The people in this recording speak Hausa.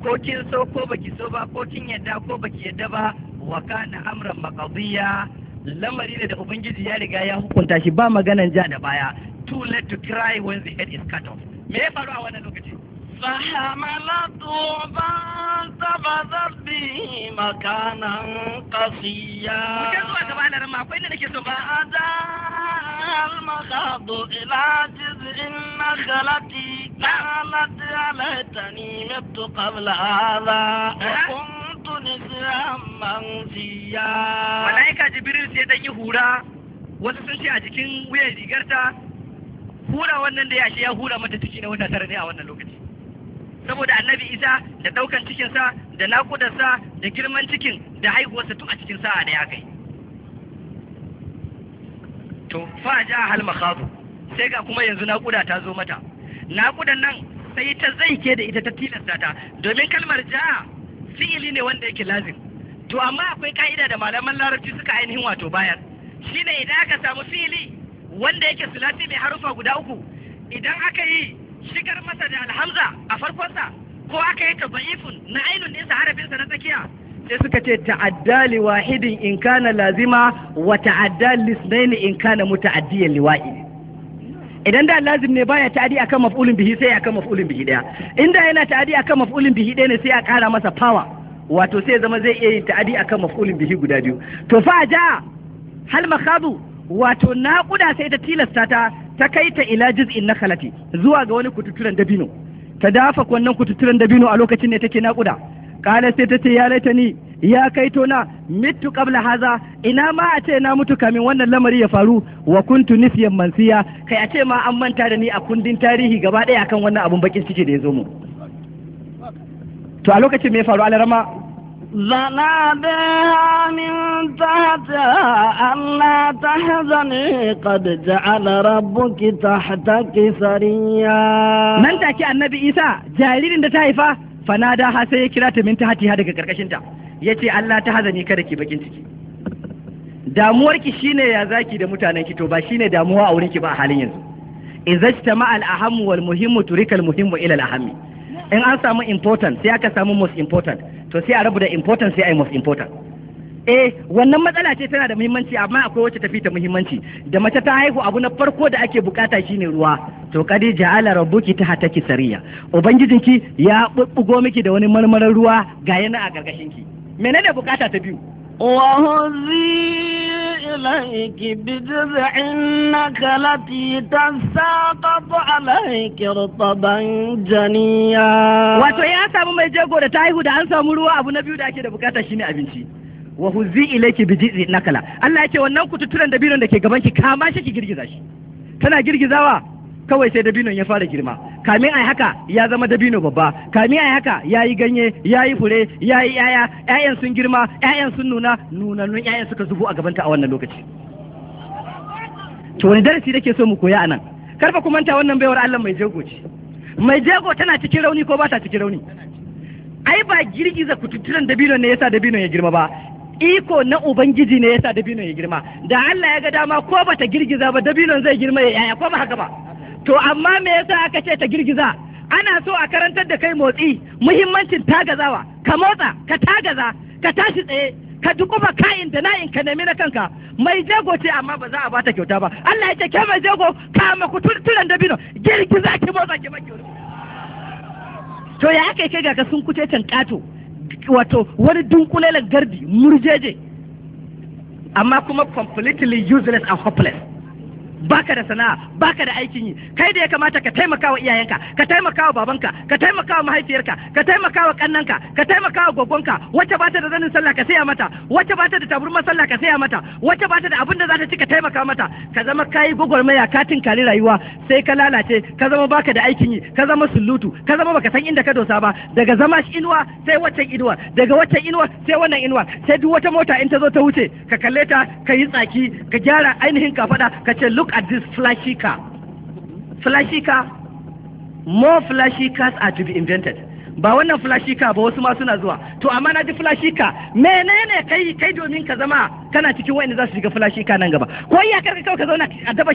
ko kin so ko baki so ba ko kin yadda ko baki yadda ba wa kana amran maqdiya lamari ne da ubangiji ya riga ya hukunta shi ba maganan ja da baya too late to cry when the head is cut off me ya faru a wannan lokaci فحملته فانتبذت به مكانا قصيا فأداها المخاض إلى جذع النخلة قالت عليتني ليتني مت قبل هذا وكنت نسيا منسيا ملائكة جبريل سيدان يهورا wasu sun ce a jikin wuyan rigarta hura wannan da yashi ya hura mata ciki na wata tara ne a wannan lokaci saboda annabi isa da daukan sa da sa da girman cikin da haihuwarsa tun a cikin sa'a da ya kai to fa ja hal makhadu sai ga kuma yanzu nakuda ta zo mata naƙudan nan sai ta zai ke da ita ta tilasta ta domin kalmar ja fi'ili ne wanda yake lazim to amma akwai ka'ida da malaman larabci suka ainihin wato bayar shine idan aka samu fi'ili wanda yake sulasi mai harufa guda uku idan aka yi shigar masa da alhamza a farkonsa ko aka yi tabayifun na ainihin nesa harafinsa na tsakiya sai suka ce ta'adda li wahidin in kana lazima wa ta'adda lisnaini in kana muta'addiyan liwa'i idan da lazim ne baya ta'adi akan maf'ulin bihi sai akan maf'ulin bihi daya inda yana ta'adi akan maf'ulin bihi daya ne sai a kara masa power wato sai zama zai iya yin ta'adi akan maf'ulin bihi guda biyu to fa ja hal makhadu wato naquda sai ta tilasta ta ta kai ta ila juz'in nakhlati zuwa ga wani kututuran dabino ta dafa wannan kututuran dabino a lokacin ne take naquda qala sai ta ce ya laitani ya kai tona mitu kabla haza ina ma a ce na mutu kamin wannan lamari ya faru wa kuntu nisyan mansiya kai a ce ma an manta da ni a kundin tarihi gaba ɗaya kan wannan abun bakin ciki da ya zo mu to a lokacin me faru alarama zana biha min tahta alla tahzani qad ja'ala rabbuki tahtaki sariya nan take annabi isa jaririn da ta haifa fanada ha sai ya kira ta minta tahtiha daga karkashin ya ce Allah ta hazani kada ki bakin ciki damuwarki shine ya zaki da mutanen ki to ba shine damuwa a wurinki ba a halin yanzu izajtama al aham wal muhimmu turika al muhimmu ila al in an samu important sai aka samu most important to sai a rabu da important sai ai most important eh wannan matsala ce tana da muhimmanci amma akwai wacce tafi ta muhimmanci da mace ta haihu abu na farko da ake bukata shine ruwa to kadi ja'ala rabbuki ta hataki sariya ubangijinki ya bubbugo miki da wani marmarar ruwa ga yana a karkashin ki menene bukata ta biyu وهذي إليك بجذع النخلة تساقط عليك رطبا janiya wato ya samu mai jego da ta haihu da an samu ruwa abu na biyu da ake da bukata shine abinci wa huzi ilaiki bi nakala Allah yake wannan kututturen dabinon da ke gaban ki kama shi ki girgiza shi tana girgizawa kawai sai dabinon ya fara girma kame a haka ya zama dabino babba kame ai haka ya yi ganye ya yi fure ya yi yaya ƴaƴan sun girma ƴaƴan sun nuna nunannun ƴaƴan suka zubo a gabanta a wannan lokaci to wani darasi nake so mu koya anan karfa ku manta wannan baiwar Allah mai jego ce mai jego tana cikin rauni ko ba ta cikin rauni ai ba girgiza kututturan dabino ne yasa dabino ya girma ba iko na ubangiji ne yasa dabino ya girma da Allah ya ga dama ko ba ta girgiza ba dabino zai girma ya yaya ko ba haka ba to amma me yasa aka ce ta girgiza ana so a karantar da kai motsi muhimmancin tagazawa ka motsa ka tagaza ka tashi tsaye ka dukuba kayin da na'in ka nemi na kanka mai jego ce amma ba za a bata kyauta ba Allah ya ce ke mai jego ka ma ku turturan da bino girgiza ki motsa ki to ya aka kai ga ka sun kuce can kato wato wani dunkulelen gardi murjeje amma kuma completely useless and hopeless baka da sana'a baka da aikin yi kai da ya kamata ka taimaka wa iyayenka ka taimaka wa babanka ka taimaka wa mahaifiyarka ka taimaka wa kannanka ka taimaka wa gogonka wacce ba ta da zanin sallah ka saya mata wacce ba ta da taburma sallah ka saya mata wacce ba ta da abin da za ta ci ka taimaka mata ka zama kayi gwagwarmaya katin tinkari rayuwa sai ka lalace ka zama baka da aikin yi ka zama sulutu ka zama baka san inda ka dosa ba daga zama inuwa sai waccan inuwa daga waccan inuwa sai wannan inuwa sai duk wata mota in ta zo ta wuce ka kalle ta ka yi tsaki ka gyara ainihin kafada ka ce look look at this flashy car. Flashy car, more flashy cars are to be invented. Ba wannan flashy car ba wasu ma suna zuwa. To amma na ji flashy car, menene kai kai domin ka zama kana cikin wanda za su shiga flashy car nan gaba. Ko iya karka kawai ka zauna a daba